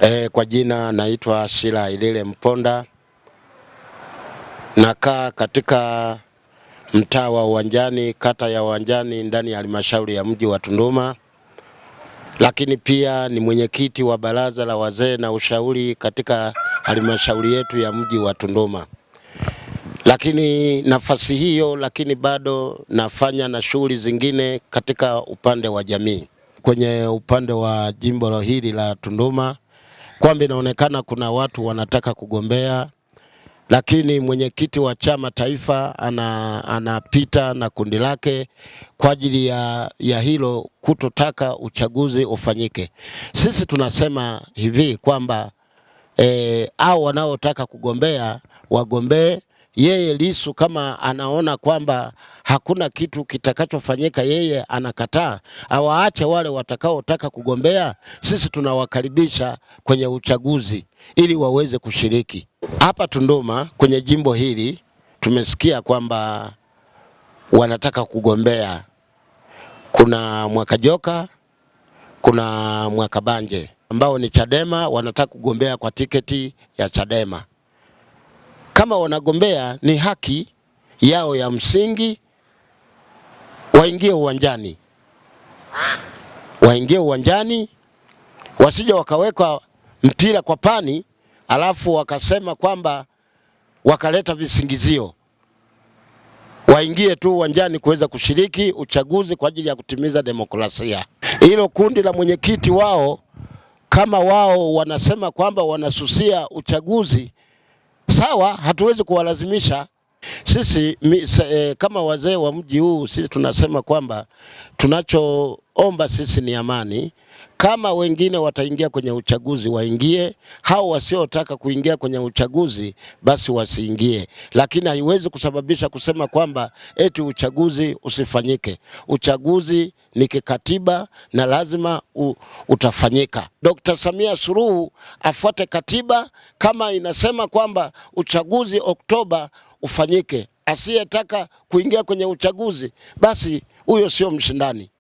E, kwa jina naitwa Shila Ilile Mponda, nakaa katika mtaa wa Uwanjani, kata ya Uwanjani, ndani ya halmashauri ya mji wa Tunduma, lakini pia ni mwenyekiti wa baraza la wazee na ushauri katika halmashauri yetu ya mji wa Tunduma. Lakini nafasi hiyo, lakini bado nafanya na shughuli zingine katika upande wa jamii. Kwenye upande wa jimbo hili la Tunduma kwamba inaonekana kuna watu wanataka kugombea, lakini mwenyekiti wa chama taifa anapita ana na kundi lake kwa ajili ya, ya hilo kutotaka uchaguzi ufanyike. Sisi tunasema hivi kwamba e, eh, au wanaotaka kugombea wagombee yeye lisu kama anaona kwamba hakuna kitu kitakachofanyika, yeye anakataa, awaache wale watakaotaka kugombea. Sisi tunawakaribisha kwenye uchaguzi ili waweze kushiriki. Hapa Tunduma kwenye jimbo hili tumesikia kwamba wanataka kugombea, kuna Mwakajoka, kuna Mwakabanje ambao ni Chadema, wanataka kugombea kwa tiketi ya Chadema kama wanagombea, ni haki yao ya msingi waingie uwanjani, waingie uwanjani, wasije wakawekwa mpira kwa pani, alafu wakasema kwamba wakaleta visingizio. Waingie tu uwanjani kuweza kushiriki uchaguzi kwa ajili ya kutimiza demokrasia. Hilo kundi la mwenyekiti wao, kama wao wanasema kwamba wanasusia uchaguzi, sawa, hatuwezi kuwalazimisha sisi se, e, eh, kama wazee wa mji huu sisi tunasema kwamba tunachoomba sisi ni amani. Kama wengine wataingia kwenye uchaguzi waingie, hao wasiotaka kuingia kwenye uchaguzi basi wasiingie, lakini haiwezi kusababisha kusema kwamba eti uchaguzi usifanyike. Uchaguzi ni kikatiba na lazima u, utafanyika. Dkt. Samia Suluhu afuate katiba kama inasema kwamba uchaguzi Oktoba ufanyike. Asiyetaka kuingia kwenye uchaguzi basi huyo sio mshindani.